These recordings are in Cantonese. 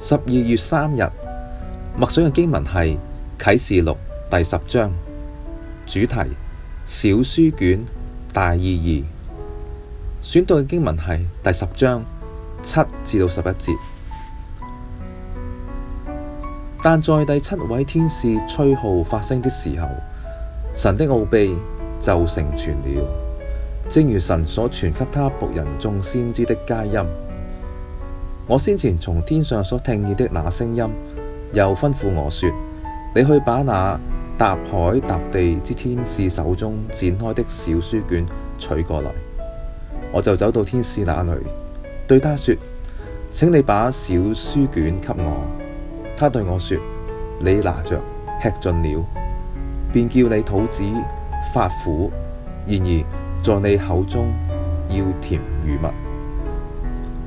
十二月三日默想嘅經文係啟示錄第十章，主題小書卷大意義。選到嘅經文係第十章七至到十一節。但在第七位天使吹號發聲嘅時候，神的奧秘就成全了，正如神所傳給他僕人眾先知的佳音。我先前從天上所聽見的那聲音，又吩咐我說：你去把那踏海踏地之天使手中展開的小書卷取過來。我就走到天使那裏，對他說：請你把小書卷給我。他對我說：你拿着吃盡了，便叫你肚子發苦；然而在你口中要甜如蜜。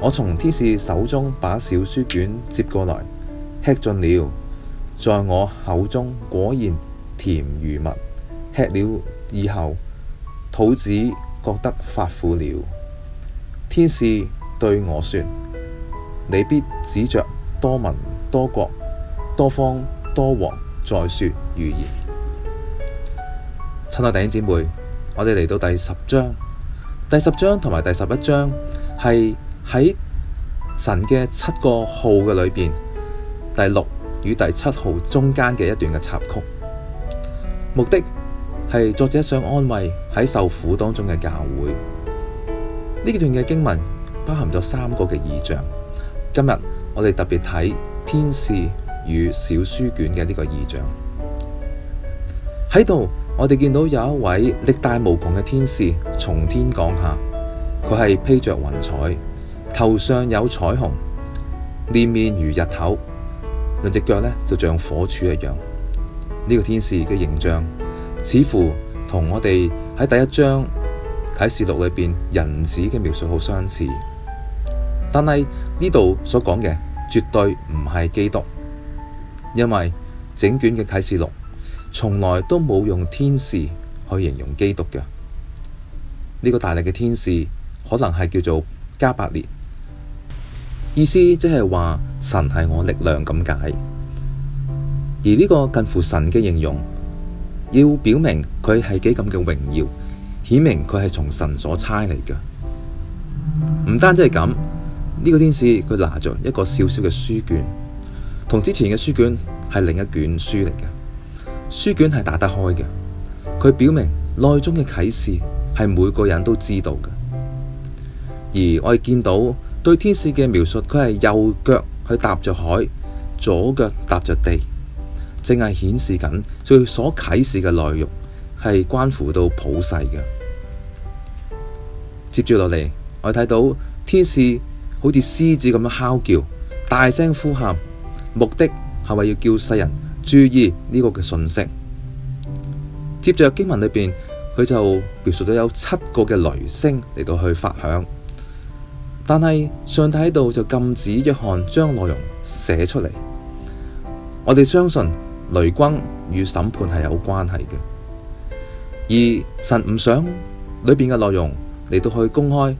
我從天使手中把小書卷接過來，吃盡了，在我口中果然甜如蜜。吃了以後，肚子覺得發苦了。天使對我說：你必指着多民、多國、多方、多王再說預言。親愛弟兄姊妹，我哋嚟到第十章，第十章同埋第十一章係。喺神嘅七個號嘅裏邊，第六與第七號中間嘅一段嘅插曲，目的係作者想安慰喺受苦當中嘅教會。呢段嘅經文包含咗三個嘅異象。今日我哋特別睇天使與小書卷嘅呢個異象。喺度，我哋見到有一位力大無窮嘅天使從天降下，佢係披着雲彩。頭上有彩虹，面面如日頭，兩隻腳呢就像火柱一樣。呢個天使嘅形象似乎同我哋喺第一章啟示錄裏面人子嘅描述好相似，但係呢度所講嘅絕對唔係基督，因為整卷嘅啟示錄從來都冇用天使去形容基督嘅。呢個大力嘅天使可能係叫做加百列。意思即係話神係我力量咁解，而呢個近乎神嘅形容，要表明佢係幾咁嘅榮耀，顯明佢係從神所差嚟嘅。唔單止係咁，呢、呢個天使佢拿着一個小小嘅書卷，同之前嘅書卷係另一卷書嚟嘅，書卷係打得開嘅，佢表明內中嘅啟示係每個人都知道嘅，而我哋見到。對天使嘅描述，佢係右腳去踏着海，左腳踏着地，正係顯示緊佢所啟示嘅內容係關乎到普世嘅。接住落嚟，我哋睇到天使好似獅子咁樣嚎叫，大聲呼喊，目的係咪要叫世人注意呢個嘅訊息？接着經文裏邊，佢就描述咗有七個嘅雷聲嚟到去發響。但係上帝喺度就禁止約翰將內容寫出嚟。我哋相信雷軍與審判係有關係嘅，而神唔想裏邊嘅內容嚟到去公開，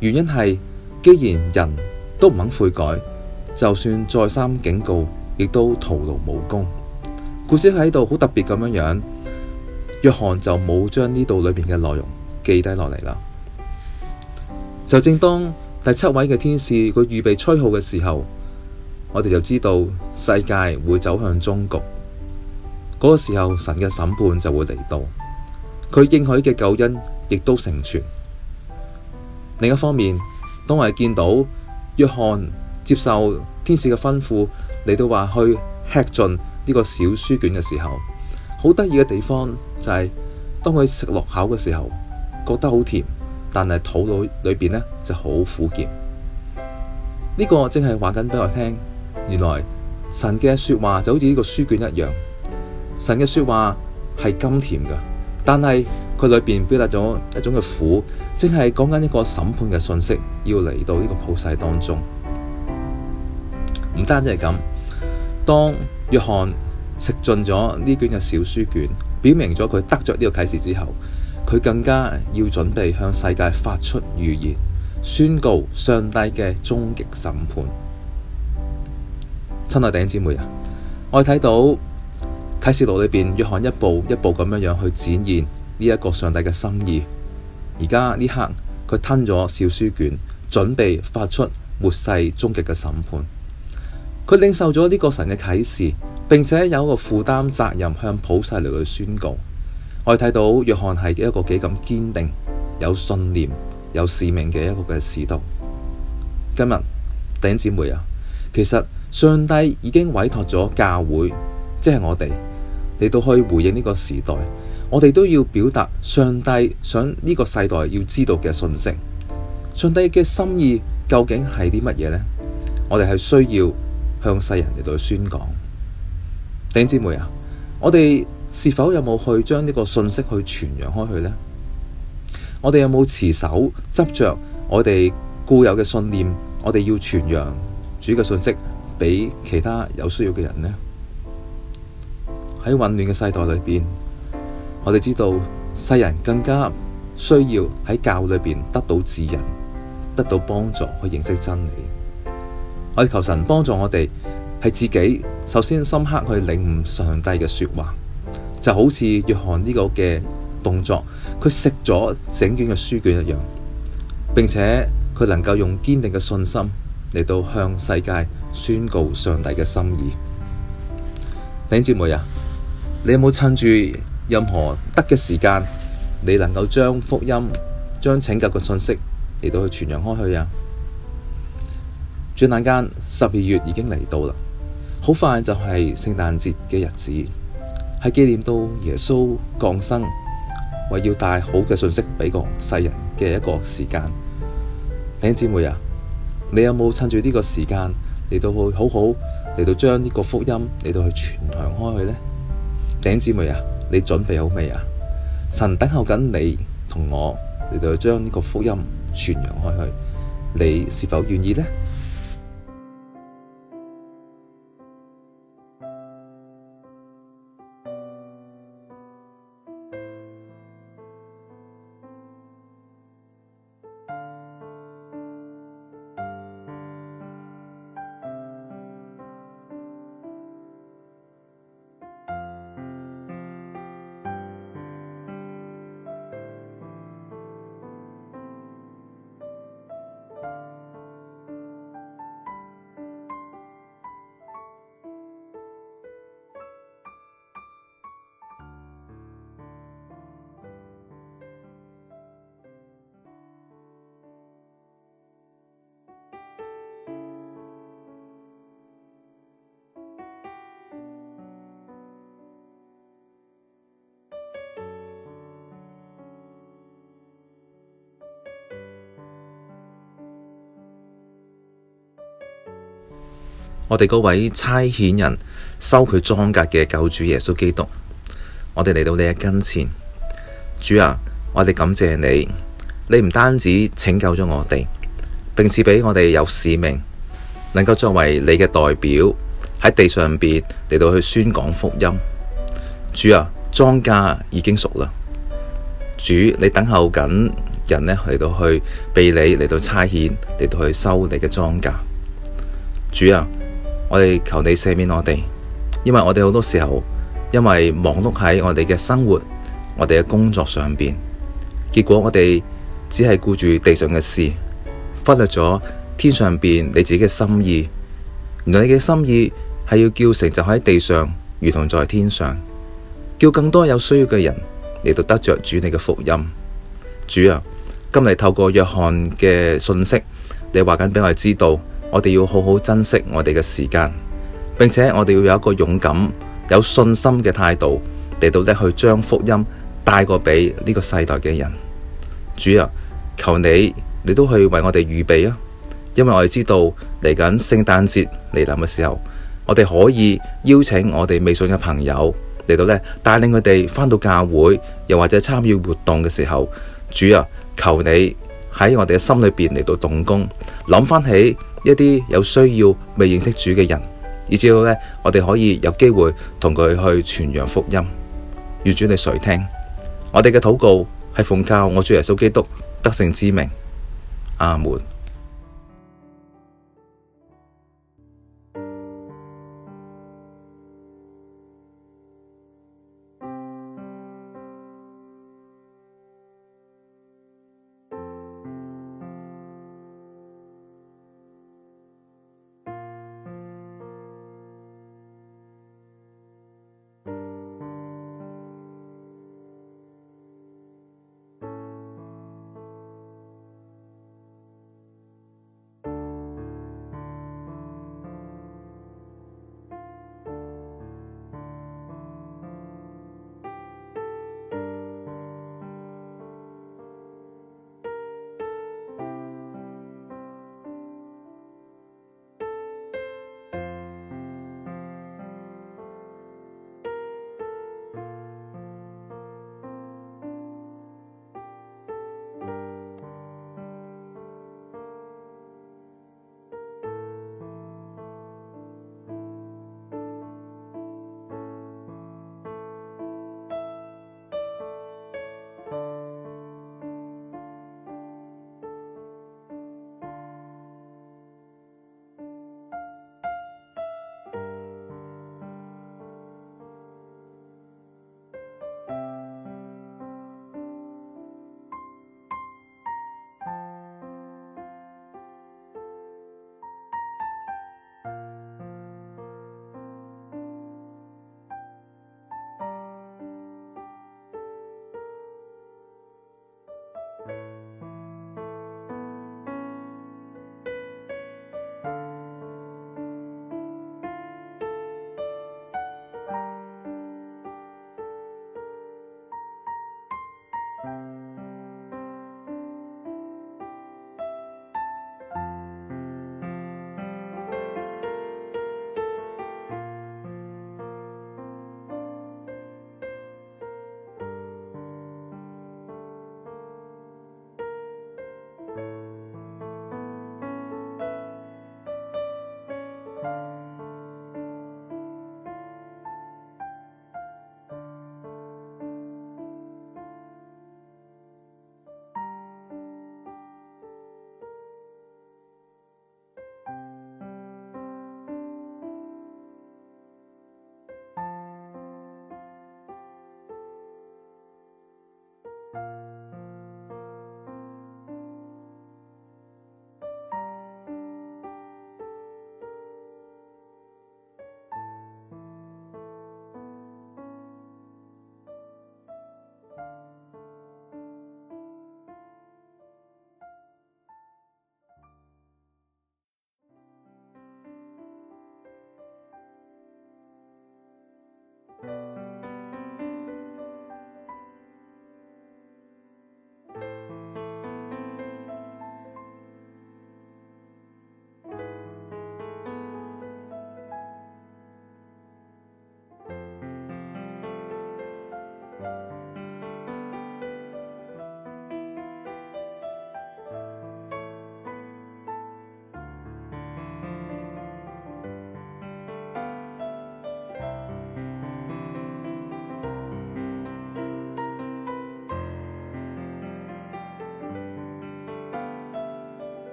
原因係既然人都唔肯悔改，就算再三警告，亦都徒勞無功。故事喺度好特別咁樣樣，約翰就冇將呢度裏邊嘅內容記低落嚟啦。就正當。第七位嘅天使佢預備吹號嘅時候，我哋就知道世界會走向終局。嗰個時候，神嘅審判就會嚟到，佢應許嘅救恩亦都成全。另一方面，當我哋見到約翰接受天使嘅吩咐嚟到話去吃盡呢個小書卷嘅時候，好得意嘅地方就係當佢食落口嘅時候，覺得好甜。但係肚裏裏邊呢就好苦澀，呢個正係話緊俾我聽。原來神嘅說話就好似呢個書卷一樣，神嘅說話係甘甜噶但係佢裏邊表達咗一種嘅苦，正係講緊呢個審判嘅信息要嚟到呢個普世當中。唔單止係咁，當約翰食盡咗呢卷嘅小書卷，表明咗佢得着呢個啟示之後。佢更加要準備向世界發出預言，宣告上帝嘅終極審判。親愛弟兄姊妹啊，我哋睇到啟示錄裏邊，約翰一步一步咁樣樣去展現呢一個上帝嘅心意。而家呢刻，佢吞咗小書卷，準備發出末世終極嘅審判。佢領受咗呢個神嘅啟示，並且有一個負擔責任向普世嚟去宣告。我哋睇到約翰係一個幾咁堅定、有信念、有使命嘅一個嘅使徒。今日頂姊妹啊，其實上帝已經委託咗教會，即係我哋你都可以回應呢個時代。我哋都要表達上帝想呢個世代要知道嘅信息。上帝嘅心意究竟係啲乜嘢呢？我哋係需要向世人嚟到宣講。頂姊妹啊，我哋。是否有冇去將呢個信息去傳揚開去呢？我哋有冇持守執着我哋固有嘅信念？我哋要傳揚主嘅信息俾其他有需要嘅人呢？喺混亂嘅世代裏邊，我哋知道世人更加需要喺教裏邊得到指引，得到幫助，去認識真理。我哋求神幫助我哋，係自己首先深刻去領悟上帝嘅說話。就好似約翰呢個嘅動作，佢食咗整卷嘅書卷一樣，並且佢能夠用堅定嘅信心嚟到向世界宣告上帝嘅心意。弟兄姊妹啊，你有冇趁住任何得嘅時間，你能夠將福音、將拯救嘅信息嚟到去傳揚開去啊？轉眼間十二月已經嚟到啦，好快就係聖誕節嘅日子。喺紀念到耶穌降生，為要帶好嘅信息畀個世人嘅一個時間，頂姊，姊妹啊，你有冇趁住呢個時間嚟到去好好嚟到將呢個福音嚟到去傳揚開去呢？頂姊，姊妹啊，你準備好未啊？神等候緊你同我嚟到去將呢個福音傳揚開去，你是否願意呢？我哋嗰位差遣人收佢莊稼嘅救主耶穌基督，我哋嚟到你嘅跟前，主啊，我哋感謝你，你唔單止拯救咗我哋，並且畀我哋有使命，能夠作為你嘅代表喺地上邊嚟到去宣講福音。主啊，莊稼已經熟啦，主你等候緊人呢嚟到去被你嚟到差遣嚟到去收你嘅莊稼，主啊。我哋求你赦免我哋，因為我哋好多時候因為忙碌喺我哋嘅生活、我哋嘅工作上邊，結果我哋只係顧住地上嘅事，忽略咗天上邊你自己嘅心意。原來你嘅心意係要叫成就喺地上，如同在天上，叫更多有需要嘅人嚟到得着主你嘅福音。主啊，今日透過約翰嘅信息，你話緊俾我哋知道。我哋要好好珍惜我哋嘅時間，並且我哋要有一個勇敢、有信心嘅態度嚟到咧，去將福音帶過俾呢個世代嘅人。主啊，求你，你都去為我哋預備啊，因為我哋知道嚟緊聖誕節嚟臨嘅時候，我哋可以邀請我哋未信嘅朋友嚟到咧，帶領佢哋翻到教會，又或者參與活動嘅時候。主啊，求你喺我哋嘅心裏邊嚟到動工，諗翻起。一啲有需要未認識主嘅人，以至於呢，我哋可以有機會同佢去傳揚福音，要轉畀誰聽？我哋嘅禱告係奉靠我主耶穌基督得勝之名，阿門。